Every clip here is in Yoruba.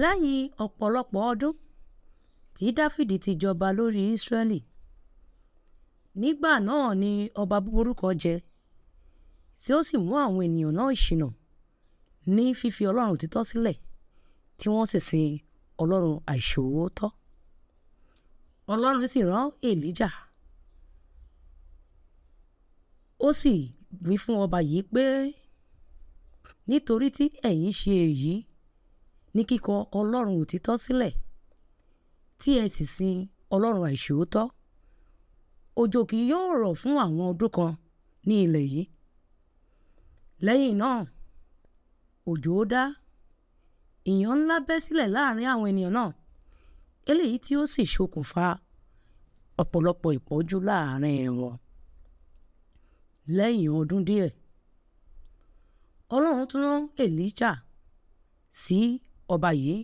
lẹ́yìn ọ̀pọ̀lọpọ̀ ọdún tí dáfídì ti jọba lórí ísírẹ́lì nígbà náà ni ọba búburú kan jẹ tí ó sì mú àwọn ènìyàn náà ṣìnà ní fífi ọlọ́run òtítọ́ sílẹ̀ tí wọ́n sì sin ọlọ́run àìṣòótọ́ ọlọ́run sì rán èlíjà ó sì wí fún ọba yìí pé nítorí tí ẹ̀yin ṣe èyí ní kíkọ ọlọ́run òtítọ́ sílẹ̀ tí ẹ sì sin ọlọ́run àìṣòótọ́ òjò kì yóò rọ̀ fún àwọn ọdún kan ní ilẹ̀ yìí lẹ́yìn náà òjò ó dá ìyàn ńlá bẹ́ sílẹ̀ láàrin àwọn ènìyàn náà eléyìí tí ó sì ṣokùnfà ọ̀pọ̀lọpọ̀ ìpọ́njú láàrin wọn lẹ́yìn ọdún díẹ̀ ọlọ́run tún rán èlíjà sí ọba yìí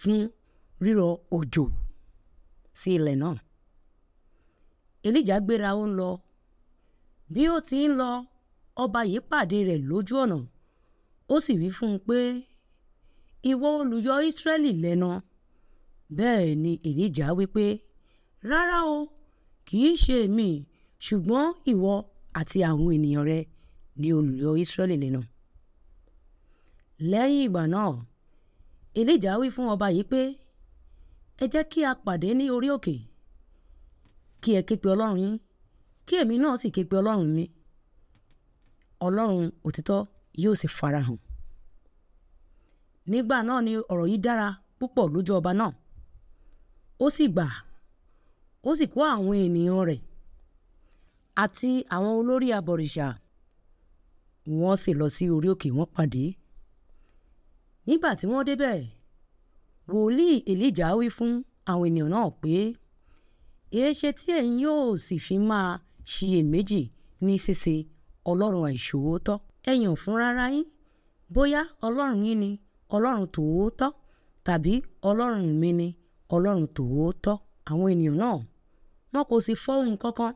fún rírọ̀ òjò sí ilẹ̀ náà elijah gbéra ó ń lọ bí ó ti ń lọ ọba yìí pàdé rẹ̀ lójú ọ̀nà ó sì wí fún un pé ìwọ olùyọ ìsírẹ́lì lẹ́nu bẹ́ẹ̀ ni elijah wí pé rárá o kì í ṣe èmi ṣùgbọ́n ìwọ àti àwọn ènìyàn rẹ ni olùyọ ìsírẹ́lì lẹ́nu lẹ́yìn ìgbà náà elijah wí fún ọba yìí pé ẹ jẹ́ kí a pàdé ní orí òkè kí ẹ képe ọlọ́run yín kí èmi náà sì képe ọlọ́run mi ọlọ́run òtítọ́ yóò sì farahàn nígbà náà ni ọ̀rọ̀ yìí dára púpọ̀ lójú ọba náà ó sì gbà ó sì kó àwọn ènìyàn rẹ̀ àti àwọn olórí abọ̀rìṣà wọ́n sì lọ sí orí òkè wọ́n pàdé nígbà tí wọ́n débẹ̀ wòlíì èlíjà wí fún àwọn ènìyàn náà pé èéṣe tí ẹ̀yin yóò sì fi máa ṣiyèméjì ní ṣíṣe ọlọ́run àìṣòótọ́ ẹ̀yin ò fún rárá yín bóyá ọlọ́run yín ni ọlọ́run tòótọ́ tàbí ọlọ́run mi ni ọlọ́run tòótọ́ àwọn ènìyàn náà wọn kò sì fọ́hùn kankan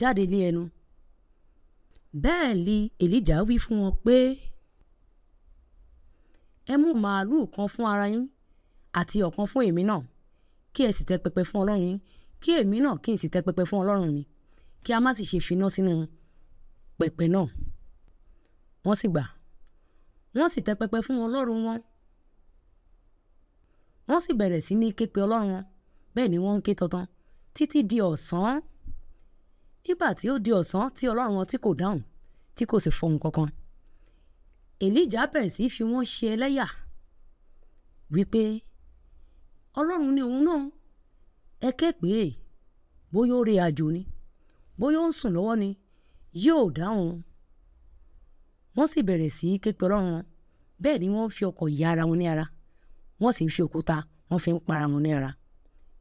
jáde lé ẹnu bẹ́ẹ̀ ni èlíjà wí fún wọn pé ẹ mú màálùú kan fún ara yín àti ọ̀kan fún èmi náà kí ẹ sì tẹ pẹpẹ fún ọlọ́run yín kí èmi náà kí n sì tẹ pẹpẹ fún ọlọ́run mi kí a má sì ṣe finá sínú pẹpẹ náà wọ́n sì gbà wọ́n sì tẹ pẹpẹ fún ọlọ́run wọn wọ́n sì bẹ̀rẹ̀ sí ní ké pe ọlọ́run wọn bẹ́ẹ̀ ni wọ́n ń ké tọ̀tán títí di ọ̀sán nígbà tí ó di ọ̀sán tí ọlọ́run wọn tí kò dáhùn tí kò sì fọhùn kankan elijah bẹ̀rẹ̀ sí fi wọ́n ṣe ẹlẹ́yà wípé ọlọ́run ni òun náà ẹ képe bóyá ó re àjò ni bóyá ó ń sùn lọ́wọ́ ni yóò dáhùn wọ́n sì bẹ̀rẹ̀ sí képe ọlọ́run bẹ́ẹ̀ ni wọ́n fi ọkọ̀ ya ara wọn ní ara wọ́n sì fi òkúta wọ́n fi ń para wọn ní ara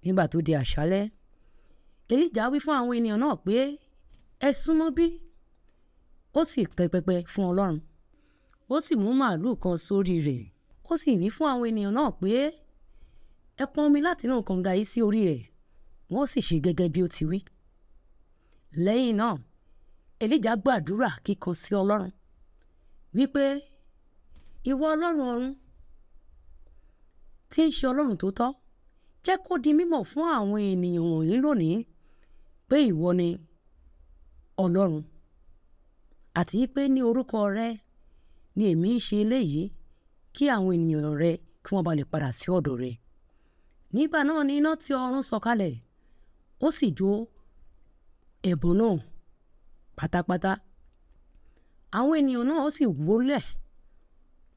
nígbà tó di àṣálẹ́ elijah wí fún àwọn ènìyàn náà pé ẹ súnmọ́ bí ó sì tẹ́ pẹpẹ fún ọlọ́run ó sì mú màálùú kan sórí rẹ̀ ó sì wí fún àwọn ènìyàn náà pé ẹ pọn omi láti inú kànga yìí sí orí rẹ̀ wọ́n sì ṣe gẹ́gẹ́ bí ó ti wí. lẹ́yìn náà èlíjà gbàdúrà kíkan sí ọlọ́run wípé ìwọ ọlọ́run ọ̀run tí ń ṣe ọlọ́run tó tọ́ jẹ́ kó di mímọ̀ fún àwọn ènìyàn wọ̀nyí lónìí pé ìwọ ni ọlọ́run àti pé ní orúkọ rẹ ni èmi ń ṣe eléyìí kí àwọn ènìyàn rẹ kí wọ́n bá lè padà sí ọ̀dọ̀ rẹ. nígbà náà ni iná ti ọ̀run sọ̀kalẹ̀ ó sì jó ẹbọ náà pátápátá àwọn ènìyàn náà ó sì wólẹ̀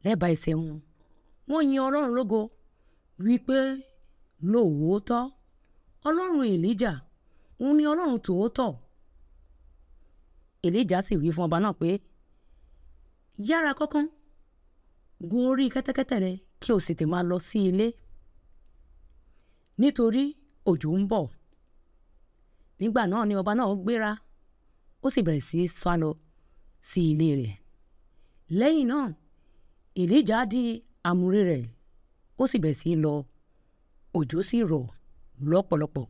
lẹ́bàá ẹsẹ̀ wọn wọ́n yin ọlọ́run lógo wípé lóòótọ́ ọlọ́run èlíjà òun ni ọlọ́run tòótọ́ èlíjà sì wí fún ọba náà pé yára kánkán gun orí kẹ́tẹ́kẹ́tẹ́ rẹ kí o sì tè máa lọ sí ilé nítorí òjò ń bọ̀ nígbà náà ni ọba náà gbéra ó sì bẹ̀rẹ̀ sí í sá lọ sí ilé rẹ̀ lẹ́yìn náà èlíjà di àmúrè rẹ̀ ó sì bẹ̀rẹ̀ sí í lọ òjò sì rọ̀ lọ́pọ̀lọpọ̀